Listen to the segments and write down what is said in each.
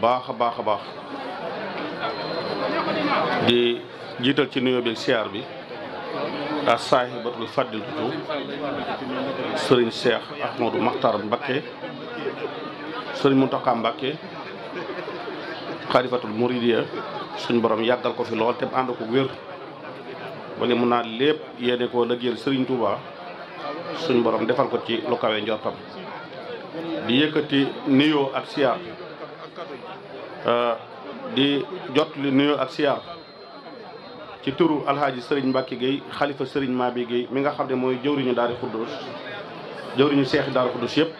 baax a baax a baax di jiital ci nuyoo bi ak siyaar bi ak saahibatul fadilatu sëriñ Cheikh Ahmadou Makhtar Mbacké sëriñ Mountakha Mbacké xalifatul muridiya suñ borom yàggal ko fi lool te ànd ko wér wala mun naa lépp yéene koo lëggéel sëriñ Touba suñ borom defal ko ci lu kawe njortam di yëkkati nuyoo ak siyaar Euh, di jot li nuyoo ak siyaar ci turu alhaaji sëriñ Mbacke géey xalifa sëriñ Mabi Gueye mi nga xam ne mooy jëwriñu daari xuddoos jëwriñu seexi daari xuddoos yëpp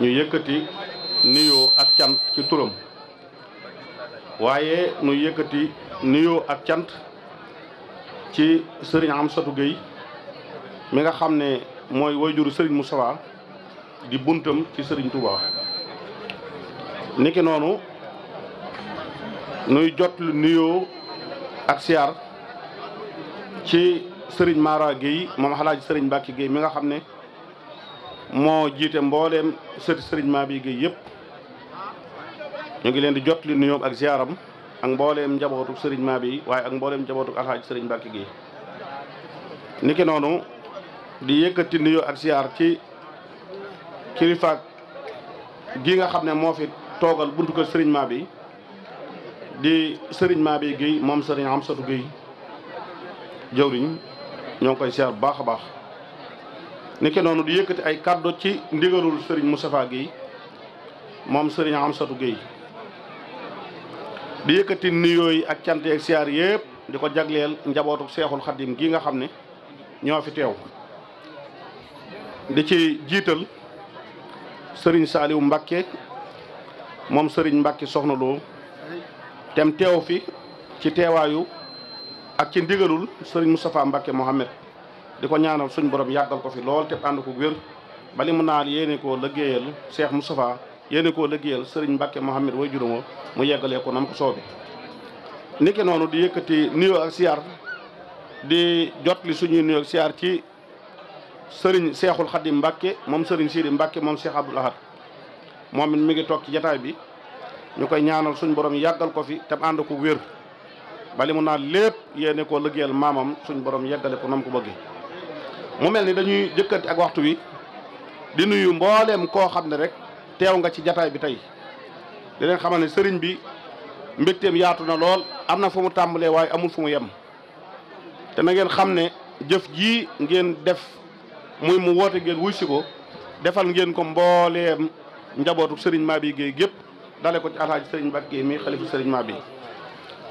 ñu yëkkati nuyoo ak cant ci turam waaye ñu yëkkati nuyoo ak cant ci sëriñ Amsatou Gueye mi nga xam ne mooy wayjuru sëriñ Moustapha di buntam ci sëriñ Touba niki noonu nuy jot lu nuyoo ak siyaar ci sëriñ Mara Guèye moom xalaaji sëriñ Mbacke Guèye mi nga xam ne moo jiite mbooleem sëti sëriñ Mara bi Guèye yëpp ñu ngi leen di jot lu nuyoo ak siyaaram ak mbooleem njabootu sëriñ Mara bi waaye ak mbooleem njabootu alxaaji sëriñ Mbacke Guèye niki noonu di yëkkati nuyoo ak siyaar ci kilifaak gi nga xam ne moo fi toogal buntu kër sëriñ Mara bi di sëriñ Mabé Guèye moom sëriñ Amsatou Guèye jëwriñ ñoo ngi koy seer bu baax a baax niki noonu di yëkkati ay kàddu ci ndigalul sëriñ Moustapha Guèye moom sëriñ satu Guèye di yëkkati nuyoo yi ak cant ak siyaar yëpp di ko jagleel njabootu seexul xadim gi nga xam ni ñoo fi teew di ci jiital sëriñ Saliou Mbacké moom sëriñ Mbacké soxna Lo tem teew fi ci teewaayu ak ci ndigalul sëriñ Moustapha Mbacke Mohamed di ko ñaanal suñ borom yàggal ko fi lool te ànd ko wér bali mu naal yéene koo lëggéeyal Cheikh Moustapha yéene koo lëggéeyal sëriñ Mbacke Mohamed way juróoma mu yeggalee ko nam ko soobe niki noonu di yëkkati nuyoo ak siyaar di jot li suñuy nuyoo ak siyaar ci sëriñ Cheikhul Khadim Mbacke moom sëriñ Sidi Mbacke moom Cheikh Abdoul Ahad moom it mi ngi toog ci jataay bi ñu koy ñaanal suñ borom yàggal ko fi te ànd ko wér bali mu naan lépp yéene koo liggéeyal maamam suñ borom yeggale ko nam ko bëggee mu mel ni dañuy jëkkati ak waxtu wi di nuyu mbooleem koo xam ne rek teew nga ci jataay bi tey di leen xamal ne sëriñ bi mbégteem yaatu na lool am na fu mu tàmbalee waaye amul fu mu yem te na ngeen xam ne jëf jii ngeen def muy mu woote ngeen wuy si ko defal ngeen ko mbooleem njabootu sëriñ Mabye Guèye gépp dale ko ci alxaaji sëriñ Mbàkke mi xalifa sëriñ maa bi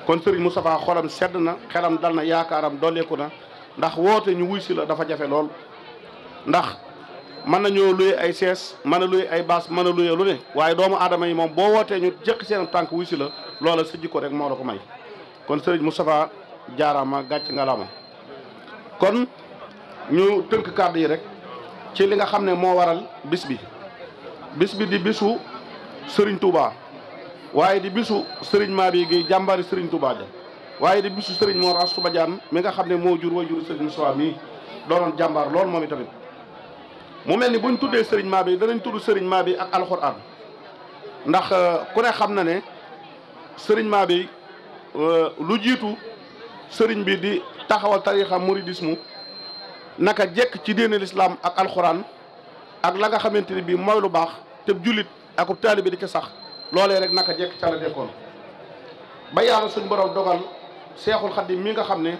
kon sëriñ Moustapha xolam sedd na xelam dal na yaakaaram dooleeku na ndax woote ñu wuy si la dafa jafe lool ndax mën nañu luye ay sees mën a luy ay baas mën a luye lu ne waaye doomu aadama yi moom boo wootee ñu jëkk seen tànk wuy si la loola sa ko rek moo la ko may kon sëriñ Moustapha jaarama gàcc nga kon ñu tënk kàddu yi rek ci li nga xam ne moo waral bis bi bis bi di bisu Serigne Touba waaye di bisu Serigne Mabi Guèye jàmbaari Serigne Touba ja waaye di bisu Serigne Mor suba Jaam mi nga xam ne moo jur way jur Serigne Sowa mi doonoon jàmbaar lool moom itamit mu mel ni buñ tuddee Serigne Mabi danañ tudd Serigne Mabi ak alxuraan ndax euh, ku ne xam na ne Serigne Mabi euh, lu jiitu sëriñ bi di taxawal tariixa muridismu naka jekk ci diine lislaam ak alxuraan ak la nga xamante ni bii mooy lu baax te jullit. akub taalibe di ca sax loolee rek naka jekk ca la dekkoon ba yàlla suñ borom dogal seexul xaddim mii nga xam ne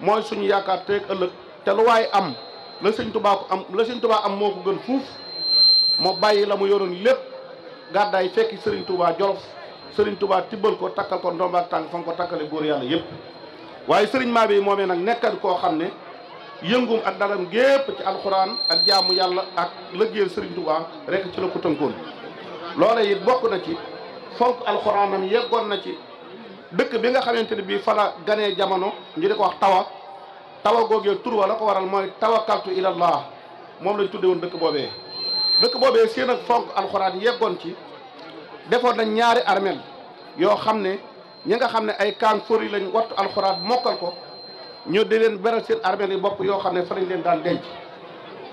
mooy suñu yaakaar teeg ëllëg te lu waaye am la sëñ tubaa ko am la sëñ am moo ko gën fuuf moo bàyyi la mu yoroon lépp gàddaay fekki sëriñ tubaa jolof sëriñ tubaa tibbal ko takkal ko ndombaak tànk fa ko takkale góor yàlla yépp waaye sëriñ maa bi moomee nag nekkat koo xam ne yëngum ak dalam gépp ci alxuraan ak jaamu yàlla ak lëggéeyal sëriñ tubaa rek ci la loole it bokk na ci fonk alxuraanam yeggoon na ci dëkk bi nga xamante ne bii fa la ganee jamono ñu di ko wax tawa tawa googee tur wa la ko waral mooy tawakkaltu ilallah moom lañ tudde woon dëkk boobee dëkk boobee seen ak fonk alxuraan yeggoon ci defoon nañ ñaari armel yoo xam ne ñi nga xam ne ay kaan fori lañ wattu alxuraan mokkal ko ñu di leen beral seen armel yi bopp yoo xam ne fa lañ leen daan denc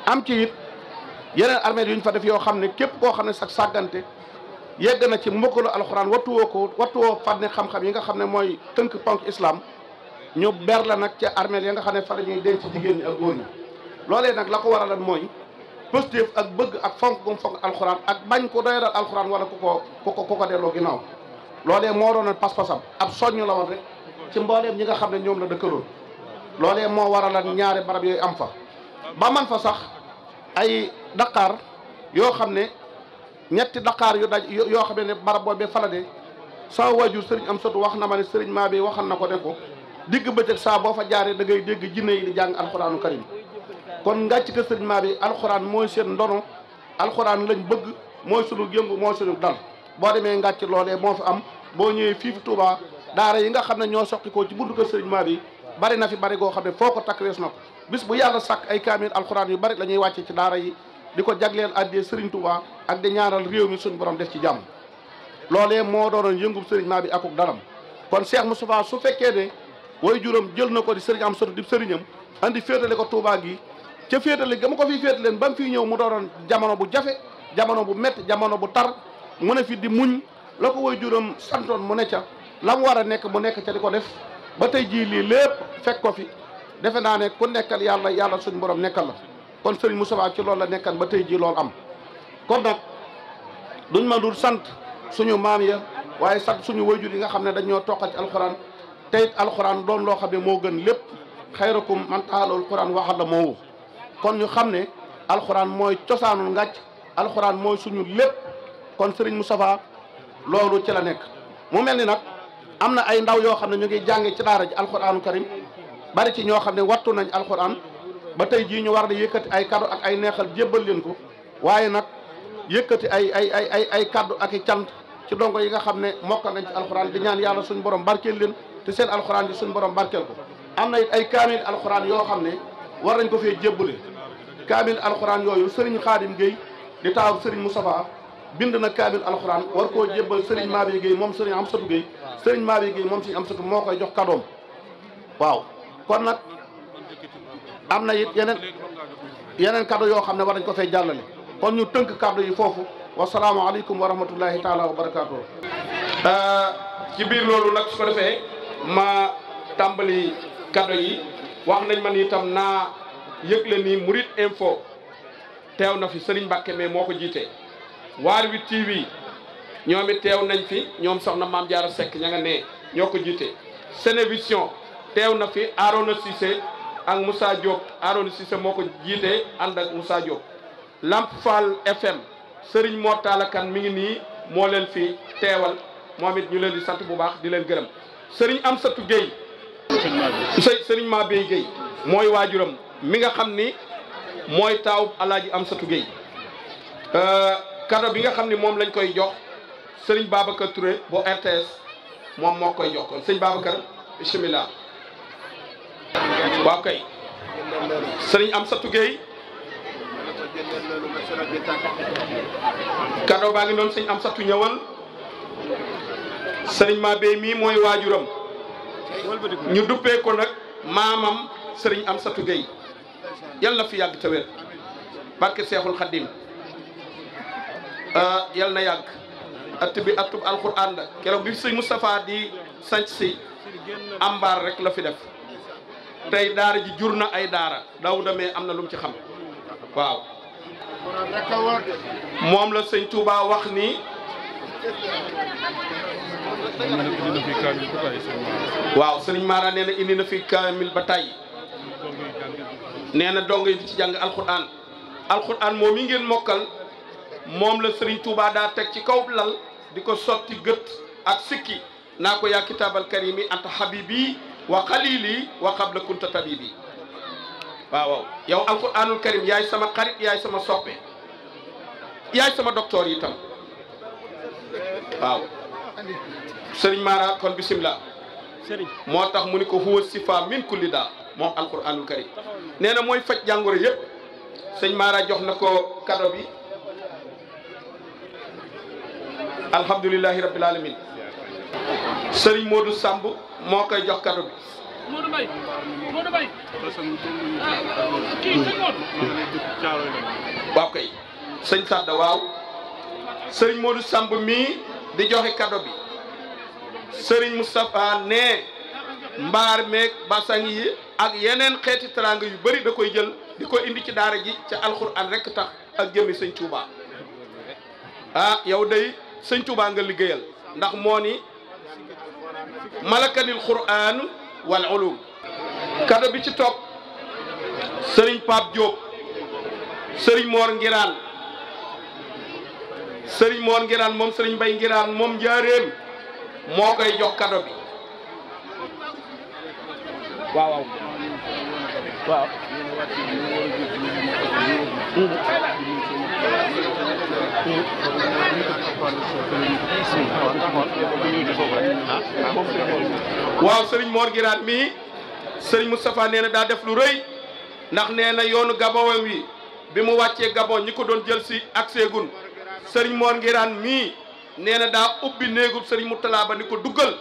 am ci it yeneen armeel yu ñu fa def yoo xam ne képp koo xam ne sax sàggante yegg na ci mbokkalu alxuraan wattuwoo ko wattuwoo fànni xam-xam yi nga xam ne mooy tënk ponk islaam ñu ber la nag ca armeel ya nga xam ne fa la denc jigéen ñi ak góor ñi loolee nag la ko waraloon mooy positif ak bëgg ak fonk gum fonk alxuraan ak mañ ko doyadal alxuraan wala ku ko ku ko ku ko delloo ginnaaw loolee moo doonoon pas-pasam ab soññ la woon rek ci mbooleem ñi nga xam ne ñoom la dëkkaloon loolee moo waraloon ñaari barab yooyu am fa ba man fa sax daqaar yoo xam ne ñetti daqaar yu daj yoo xam ne barab boobee falade sama waajur sëriñ am sotu wax na ma ne sëriñ maa bi waxal na ko ne ko digg bëccëg saa boo fa jaaree da ngay dégg jinne yi di jàng alxuraanu karim kon ngàcc ka sëriñ maa bi alxuraan mooy seen ndono alxuraan lañ bëgg mooy sunu yëngu mooy sunu dal boo demee ngàcc loolee moo fi am boo ñëwee fii fi Touba daara yi nga xam ne ñoo soqikoo ci buntu kër sëriñ maa bi bari na fi bari koo xam ne foo ko takk na ko bis bu yàlla sàkk ay kaamil alxuraan yu bari la ñuy wàcce ci daara yi di ko jagleel addee Serigne ak di ñaaral réew mi suñu borom def ci jàmm loolee moo doonoon yëngub Serigne maa bi akuk daram kon seex Cheikh Moustapha su fekkee ne way juróom jël na ko di Serigne am soto di Serignam andi féetale ko Touba gi ca féetale ga ma ko fi féetaleen ba mu fiy ñëw mu doonoon jamono bu jafe jamono bu métti jamono bu tar mu ne fi di muñ la ko way juróom santoon mu ne ca la mu war a nekk mu nekk ca di ko def ba tey jii lii lépp fekk ko fi defe naa ne ku nekkal yàlla yàlla suñu borom nekkal la kon sëriñ Moustapha ci loolu la nekkan ba tey ji loolu am kon nag duñ ma sant suñu maam ya waaye sant suñu wayjur yi nga xam ne dañoo toqal ci alxuraan teyit alxuraan doon loo xam ne moo gën lépp xayrakum man taxalul quran waxal la moowu kon ñu xam ne alxuraan mooy cosaanu ngàcc alxuraan mooy suñu lépp kon sëriñ Moustapha loolu ci la nekk mu mel ni nag am na ay ndaw yoo xam ne ñu ngiy jànge ci daara ji alxuraanu karim bari ci ñoo xam ne wattu nañ alxuraan ba tey jii ñu war di yëkkati ay kaddu ak ay neexal jébbal leen ko waaye nag yëkkati ay ay ay ay ay kaddu ak i cant ci dongo yi nga xam ne mokkal nañ ci alxuraan di ñaan yàlla suñ borom barkeel leen te seen alxuraan yi suñu borom barkeel ko am na it ay kaamil alxuraan yoo xam ne war nañ ko fee jébbale kaamil alxuraan yooyu Serigne Khadim Gueye di taaw Serigne Moustapha bind na kaamil alxuraan war koo jébbal Serigne Mabé Gueye moom Serigne Amsatou Gueye Serigne Mabé Gueye moom Serigne Amsatou moo koy jox kadoom waaw am na it yeneen yeneen kaddu yoo xam ne war nañ ko fay jàllale kon ñu tënk kaddu yi foofu wasalaamaaleykum wa rahmatullahi taala wa barakaatu. Euh, ci biir loolu nag su ko ma tàmbali kaddu yi wax nañ ma itam naa yëgle ni Mouride Info teew na fi sëriñ Mbacke mais moo ko jiite waar wi TV ñoom teew nañ fi ñoom soxna maam jaar Seck ña nga ne ñoo ko jiite Sénévision teew na fi Arona Cissé. ak Moussa Diop Arouna Cissé moo ko jiite ànd ak Moussa Lamp Fall FM Serigne Mor mi ngi nii moo leen fi teewal moom it ñu leen di sant bu baax di leen gërëm Serigne Amsatou Gueye Serigne Mabey Gueye mooy waajuram mi nga xam ni mooy taaw alaaji Amsatou Gueye kado euh, bi nga xam ni moom lañ koy jox Serigne Babacar Touré bu RTS moom moo koy jox kon sëñ Babacar bismillah waaw kay sëriñ Amsatou Gueye kado baa ngi noonu sëñ Amsatou ñëwal sëriñ Mabéye mii mooy waajuram ñu duppee ko nag maamam sëriñ Amsatou Gueye yal na fi yàgg te wér Seexul Xaddim ah, yal na yàgg at bi atub alxuraan la keroog bi sëñ Moustapha di sanc si ambaar rek la fi def tey daara ji jur na ay daara daw demee am na lum ci xam waaw moom la sëñ Touba wax ni waaw sëriñ Mara nee indi na fi kaamil ba tey neena na dong yi ci jàng alxuraan alxuraan moom yi ngeen mokkal moom la sëriñ tuuba daa teg ci kaw lal di ko sotti gët ak sikki naa ko yaa kitaabal karimi anta habibi wa xalili wa qabla waaw waaw yow karim yaay sama xarit yaay sama soppe yaay sama docteur itam waaw sëriñ Mara kon bisimilah moo tax mu ni ko huwa sifa min kulli daa moom alquranul karim nee na mooy faj jàngoro yëpp sëñ Mara jox na ko kado bi alhamdulilahi rabbil alamin sëriñ Modou Samb moo koy jox kaddu bi. Modou Mbaye sëñ Modou. waaw kay sëñ Sadda waaw Samb mii di joxe kaddu bi sëriñ Moustapha nee mbaar meeg basang yi ak yeneen xeeti teraanga yu bari da koy jël di ko indi ci daara ji ca alxuraan rek tax ak jëmi sëñ Touba ah yow day sëñ Touba nga liggéeyal ndax moo ni. malakanil quraan wal ulum kado bi ci topp sëriñ Pape Diop sëriñ Mor Ngiraan sëriñ Mor Ngiraan moom sëriñ Bay Ngiraan moom njaareem moo koy jox kado bi waaw Serigne Mor Guiraat mii Serigne Moustapha nee na daa def lu rëy ndax nee na yoonu Gabon wi bi mu wàccee Gabon ñi ko doon jël si ak sëriñ Serigne ngiraan mii nee na daa ubbi néegub Serigne Moutala ba ni ko duggal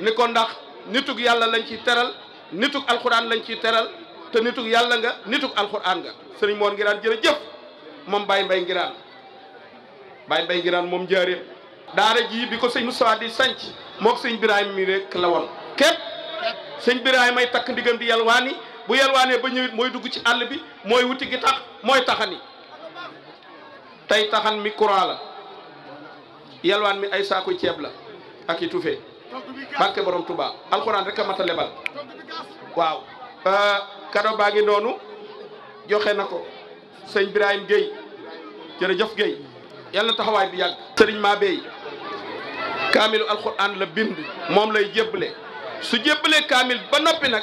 ni ko ndax nitug yàlla lañ ciy teral nitug alxuraan lañ ciy teral te nitug yàlla nga nitug alxuraan nga Serigne Mor Guiraat jërëjëf moom Baye Mbaye Guiraat. bay bay ngi naan moom jaareem daara ji bi ko sëñ Moustapha di sanc mook sëñ Birahima mi rek la woon képp sëñ Birahima ay takk ndigam di yalwaani bu yalwaanee ba ñëwit mooy dugg ci àll bi mooy wuti gi tax mooy taxani tey taxan mi courant la yalwaan mi ay saako ceeb la ak i tufe barke borom Touba alxuraan rek a mat a waaw kado euh, baa ngi doonu joxe na ko sëñ Birahima Guèye jërëjëf Guèye yàlla taxawaay bi yàgg sëriñ Mabéye kaamilu alxuraan la bind moom lay jébbale su jébbalee kaamil ba noppi nag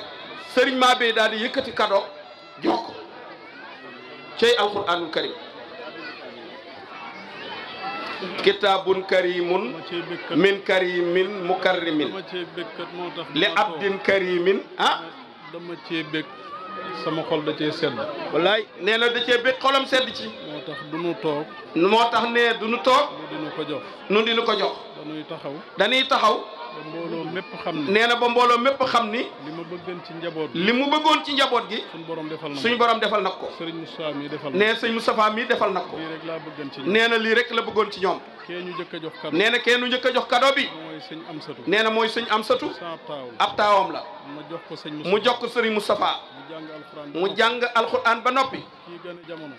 sëriñ Mabéye daal di yëkkati kado jox ko cey alxuraanul karim kitaabun karimun min karimin mukarrimin li abdin karimin ah dama cee sama xol da cee sedd wallaay nee na da cee bëgg xolam sedd ci tax du nu toog. moo tax nee du nu toog. nu dinu ko jox. nu dinu ko jox. dañuy taxaw. dañuy taxaw. ba mbooloo mépp xam ni. nee na ba mbooloo mépp xam ni. li mu bëggoon ci njaboot gi. li mu bëggoon ci njaboot gi. suñ borom defal na ko borom defal na ko. Serigne Moustapha mii defal na ko. nee Serigne Moustapha mii defal na ko. rek laa bëggoon ci ñoom. nee na lii rek la bëggoon ci ñoom. kee ñu njëkk a nee na kenn ñu njëkk jox kado bi. mooy sëñ Amsatu nee na mooy sëñ Amsatu ab taawam la mu jox ko sëriñ Moustapha mu jàng al alxuraan ba noppi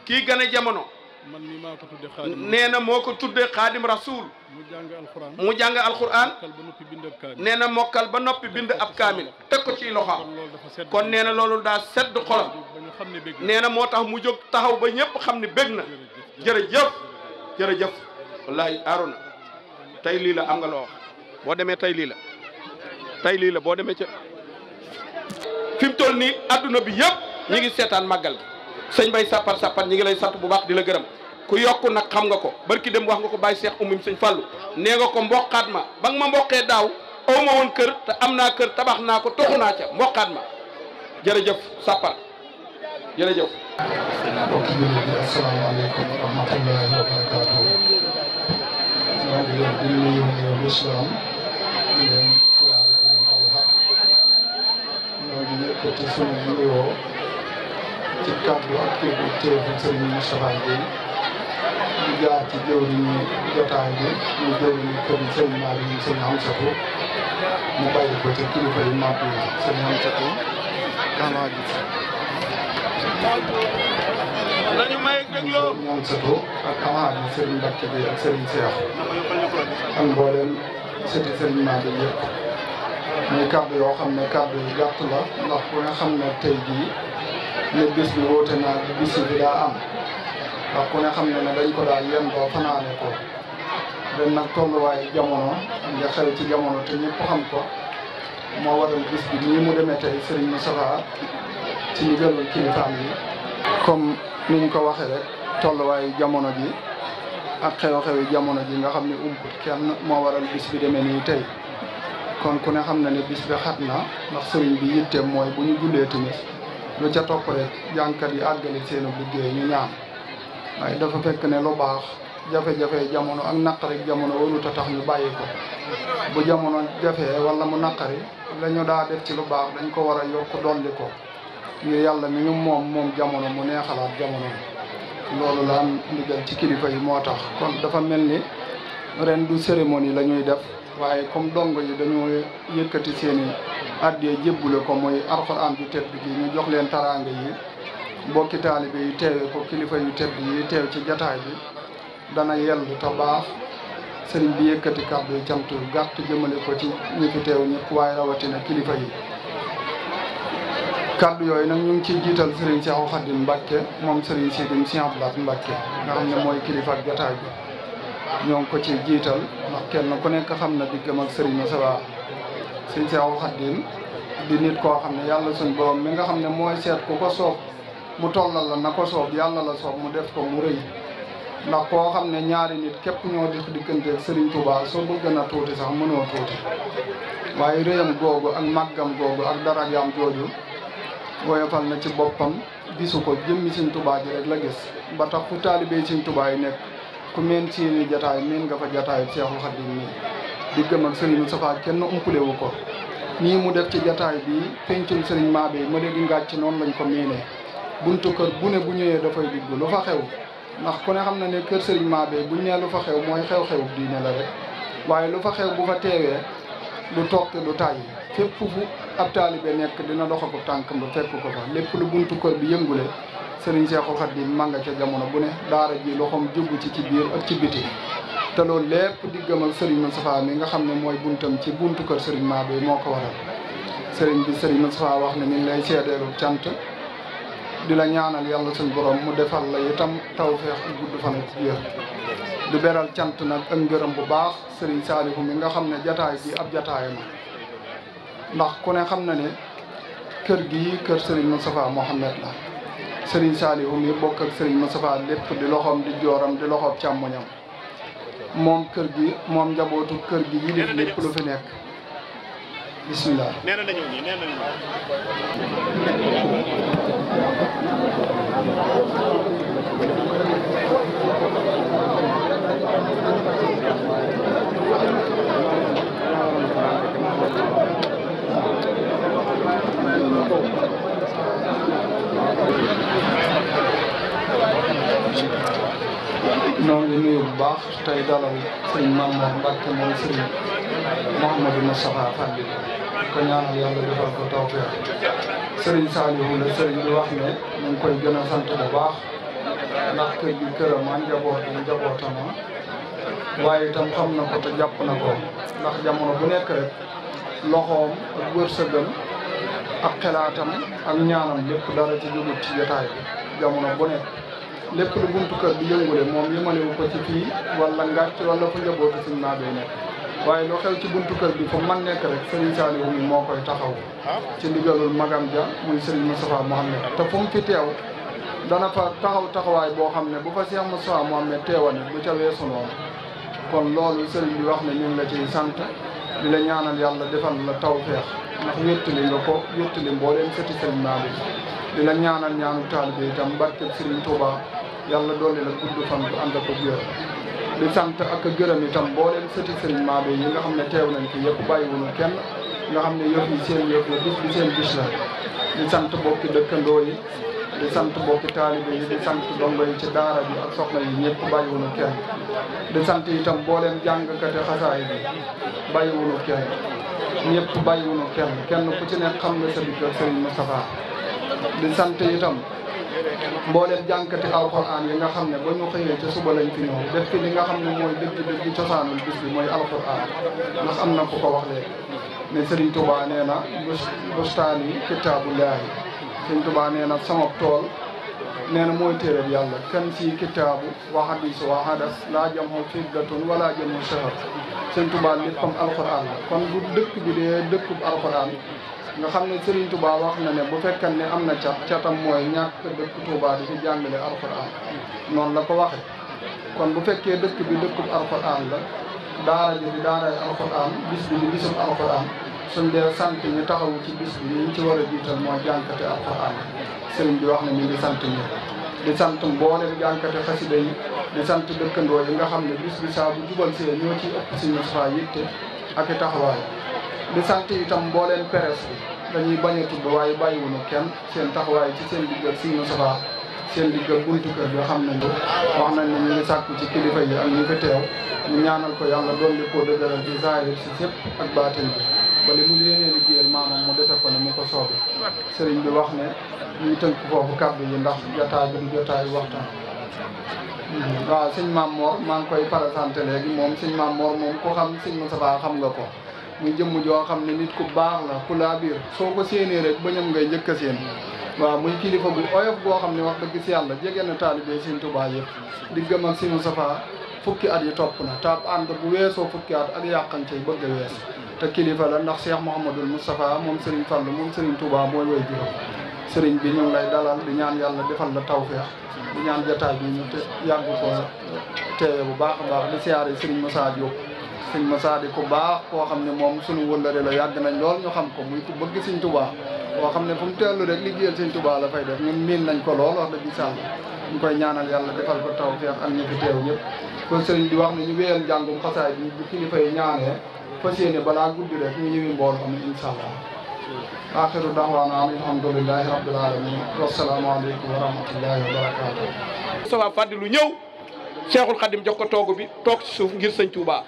kii gane jamono man mi maa ko tuddee nee na moo ko tuddee xaadim rasul mu jàng alxuraan mu jàng alxuraan nee na mokkal ba noppi bind ab kaamil teg ko ci loxo kon nee na loolu daa sedd xolam nee na moo tax mu jóg taxaw ba ñëpp xam ne bég na jërëjëf jërëjëf wallahi aaruna tey lii la am nga loo boo demee tey lii la tey lii la boo demee ca fi mu toll nii àdduna bi yëpp ñi ngi seetaan màggal gi sëñ bay sàppar sàppar ñi ngi lay sant bu baax di la gërëm ku yokk nag xam nga ko barki dem wax nga ko bàyyi seex umum sëñ fàllu nee nga ko mboqaat ma ba ma mboqee daaw aw ma woon kër te am naa kër tabax naa ko toxu naa ca mboqaat ma jërëjëf sàppar jërëjëf yëkkati suñu nuyoo ci kàddu ak kàddu teefu Serigne Moustapha Gueye ñu jaar ci jëwriñu ñu jëwriñu kër Serigne Malick ñu Serigne Amsatou mu bàyyi ko ci kilifa yu mag yi Serigne Amsatou kanaa gi nañu may dégloo Serigne Amsatou ak kanaa gi Serigne Mbacke bi ak Serigne Cheikh ak mboolem sëti Serigne yëpp muy kàddu yoo xam ne kàddu yu gàtt la ndax ku ne xam ne tey jii ne bis bi wóote naa bi bis bi daa am ndax ku ne xam ne dañ ko daal yem doo fanaane ko den nag tolluwaayu jamono nga xew ci jamono te ñëpp xam ko moo waral bis bi nii mu demee tey Serigne Moustapha ci ndigalul kilifaam yi comme niñ ko waxee rek tolluwaayu jamono ji ak xew-xewi jamono ji nga xam ne umput kenn moo waral bis bi deme nii tey kon ku ne xam na ne bis bi xat na ndax sëriñ bi yitteem mooy bu ñu jullee timis lu ca topp rek jànkat yi àggali seenu liggéey ñu ñaan waaye dafa fekk ne lu baax jafe-jafe jamono ak naqari jamono waruta tax ñu bàyyi ko bu jamono jafee wala mu naqari la daa def ci lu baax dañ ko war a yokk dolli ko ngir yàlla mi ñu moom moom jamono mu neexalaat jamono loolu laan ndigal ci kilifa yi moo tax kon dafa mel ni ren du cérémonie lañuy def waaye comme dongo yi dañoo yëkkati seen i addee jébbule ko mooy alxuraan ju tedd gi ñu jox leen taraanga yi mbokki taalibe yi teewee ko kilifa yu tedd yi teew ci jataay bi dana yell te baax sëriñ bi yëkkati kàddu yi cant gàtt jëmale ko ci ñi fi teew ñëpp waaye rawatina kilifa yi kàddu yooyu nag ñu ngi ciy jiital sëriñ Seexu Xadim Mbàkke moom sëriñ si Seex Abdu Lahat Mbàkke nga xam ne mooy kilifa ak jataay bi ñoo ngi ko ci jiital ndax kenn ku nekk xam na diggam ak sëriñ Moussa Ba sëriñ a Xaddim di nit koo xam ne yàlla suñ borom mi nga xam ne mooy seet ku ko soob mu tollal la na ko soob yàlla la soob mu def ko mu rëy ndax koo xam ne ñaari nit képp ñoo di diggante sëriñ Touba soo bëgg na tuuti sax mënoo tuuti waaye rëyam googu ak màggam googu ak darajaam jooju woyofal na ci boppam gisu ko jëmmi sëriñ Touba ji rek la gis ba tax ku taalibe sëriñ Touba yi nekk ku meen seeni jataay meen nga fa jataayu Seexul Xadiim nii diggam ak sëriñ Moustapha kenn umpule wu ko nii mu def ci jataay bi pencum sëriñ Mabé ma dee di ngàcc noonu lañ ko miinee buntu kër bu ne bu ñëwee dafay dugg lu fa xew ndax ku ne xam na ne kër sëriñ Mabé buñ nee lu fa xew mooy xew-xew diine la rek waaye lu fa xew bu fa teewee lu toog te lu tàyyi fépp fu ab taalibe nekk dina dox ko tànkam ba fekk ko fa lépp lu buntu kër bi yëngule Serigne Cheikhul Khadim ma nga ca jamono bu ne daara ji loxoom jubbu ci ci biir ak ci biti te loolu lépp diggam ak Serigne Moustapha mi nga xam ne mooy buntam ci buntu kër maa Mabé moo ko waral Serigne bi Serigne Moustapha wax ne mi ngi lay seedeelu cant di la ñaanal yàlla suñu borom mu defal la itam tawféex ak gudd fan ak biir di cant nag ak ngërëm bu baax Serigne Saliou mi nga xam ne jataay bi ab jataay ma ndax ku ne xam na ne kër gi kër Serigne Moustapha Mohamed la sëriñ Saalihu mi bokk ak sëriñ Moustapha lépp di loxoom di jooram di loxoob càmmoñam moom kër gi moom njabootu kër gi yilif lépp lu fi nekk ñoo ngi bu baax tey dalal sëñ Mamour Mbacke mooy sëñ Mouhamadou Moustapha Fall ko ñaanal yàlla defal ko tawfeex sëriñ Saliou la sëriñ bi wax ne ñu ngi koy gën sant bu baax ndax kër gi këram a njaboot bi njabootama waaye itam xam na ko te jàpp na ko ndax jamono bu nekk rek loxoom ak wërsëgam ak xelaatam ak ñaanam lépp dara ci jugut ci jotaay jamono bu nekk lépp lu buntu kër bi yëngule moom yi yëmalewu ko ci fii wala ngàcc wala fu njabootu suñ naa bee nekk waaye loo xew ci buntu kër bi fa man nekk rek sëriñ Saliou mi moo koy taxaw ci ndigalul magam ja muy sëriñ Moustapha Mohamed te fu mu fi teew dana fa taxaw taxawaay boo xam ne bu fa Cheikh Moustapha Mohamed teewani bu ca weesu noonu kon loolu sëriñ bi wax ne ñu ngi la ciy sant di la ñaanal yàlla defal la taw tawfeex ndax wéttali nga ko wéttali mbooleem sëti sëriñ bi di la ñaanal ñaanu taalibe tam barkeb Serigne Touba yàlla dolli la gudd fan bu ànd ak wér di sant ak gërëm itam boo leen sëti Serigne Mabé yi nga xam ne teew nañ fi yëpp bàyyiwuñu kenn nga xam ne yëf yi seen yëf la bis bi seen bis la di sant boo bokki dëkkandoo yi di sant bokki taalibe yi di sant dongo yi ci daara bi ak soxna yi ñëpp bàyyiwuñu kenn di sant itam boo leen jàngkate xasaay bi bàyyiwuñu kenn ñëpp bàyyiwuñu kenn kenn ku ci nekk xam nga sa bi kër Serigne Moustapha di sant itam mboolem jànkati alquran yi nga xam ne ba ñu xëyee ca suba lañ fi ñëw def fi li nga xam ne mooy dëgg-dëgg cosaanul gis bi mooy alquran ndax am na ku ko wax léegi ne Serigne Touba nee na bustaan yi kitaabullaahi Serigne Touba nee na sama tool nee na mooy téereb yàlla kenn si kitaabu wa hadis wa hadas laa jam ho fiddatun wala jam ho sahar Serigne Touba léppam alquran la kon bu dëkk bi dee dëkkub alquran nga xam ne Serigne Touba wax na ne bu fekkan ne am na cat catam mooy ñàkk dëkk Touba di ci jàngale alxuraan noonu la ko waxe kon bu fekkee dëkk bi dëkkub alxuraan la daara ji di daaray alxuraan bis bi di bisub alxuraan suñ dee sant ñu taxawu ci bis bi ñu ci war a jiital mooy jànkate alxuraan Serigne bi wax na ñi di sant ñi di sant mboolem jànkate xasida yi di sant dëkkandoo yi nga xam ne bis bi saa bu jubal see ñoo ciy ëpp si ñu saa yitte ak i taxawaay di sant itam mbooleen presse bi dañuy bañ a tudd waaye bàyyiwunu kenn seen taxawaay ci seen digg ak Sëriñ Moustapha seen digg ak buntu kër bi xam nañ ko wax nañ ne ñu ngi ci kilifa yi ak ñu fi teew ñu ñaanal ko yàlla doon li ko dëgëral si sépp ak baatin bi ba li mu yéenee liggéeyal maanaam ko ne mu ko soobee sëriñ bi wax ne ñuy tënk foofu kàddu yi ndax jotaay bi du jotaayu waxtaan waaw sëñ Maam Mor maa ngi koy présenté léegi moom sëñ Maam Mor moom ko xam sëñ Moustapha xam nga ko muy jëmm joo xam ne nit ku baax la ku laa biir soo ko séenee rek bañam ngay njëkk a séen waaw muy kilifa bu oyof boo xam ne wax dëgg si yàlla jege na taalibe Sëñ Tuubaa yëpp di gëm si sinu safa fukki at yi topp na taab ànd bu weesoo fukki at ak yàqante bëgg a wees te kilifa la ndax Cheikh Mouhamadul Moustapha moom Serigne Fallou moom Serigne Touba mooy way juróom Serigne bi ñu ngi lay dalal di ñaan yàlla defal la taw tawféex di ñaan jataay bi ñu te yàgg ko teewe bu baax a baax di siyaare Serigne Moussa sëñ Moussa di ku baax koo xam ne moom sunu wëllëre la yàgg nañ lool ñu xam ko muy ku bëgg sëñ Touba koo xam ne fu mu teelu rek liggéeyal sëñ Touba la fay def ñun miin nañ ko lool wax dëgg sàll ñu koy ñaanal yàlla defal ko taw feex ak ñi fi teew ñëpp kon sëriñ di wax ne ñu wéyal jàngum xasaay bi bu kilifa yi ñaanee fas yéene balaa guddi rek ñu ñëwi mbool am incha allah axiru da'waana am alhamdulilahi rabbil alamin wasalaamu aleykum wa rahmatullahi wa barakatuh Moustapha Fadilou ñëw Cheikhul Khadim jox ko toogu bi toog ci suuf ngir sëñ Touba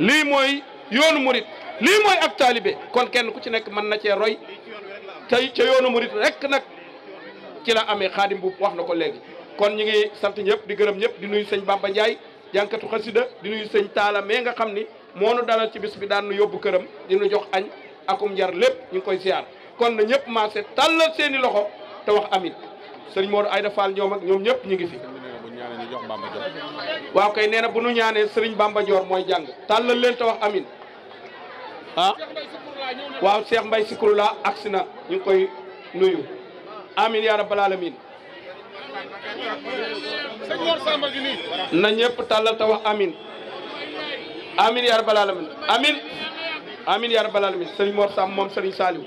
lii mooy yoonu murit lii mooy ab taalibe kon kenn ku ci nekk mën na cee roy tey ca yoonu murit rek nag ci la amee xaadim bu wax na ko léegi kon ñu ngi sant ñëpp di gërëm ñëpp di nuyu sëñ Bamba Ndiaye jànkatu xasida di nuy sëñ Taala mais nga xam ni moo nu dalal ci bis bi daan nu yóbbu këram di nu jox añ akum njar lépp ñu ngi koy ziar kon na ñëpp maase tàllal seeni loxo te wax amit sëñ Modou Ayda Fall ñoom ñoom ñëpp ñu ngi fi. jox Bamba Dior waaw kay nee na bu nu ñaanee Serigne Bamba Dior mooy jàng tàllal leen te wax amin ah waaw Cheikh Mbaye Sikurula agsi na ñu koy nuyu amin yaa rabbal na ñëpp tàllal te wax amin amin yaa rabbal alamin amin amin moom Serigne Saliou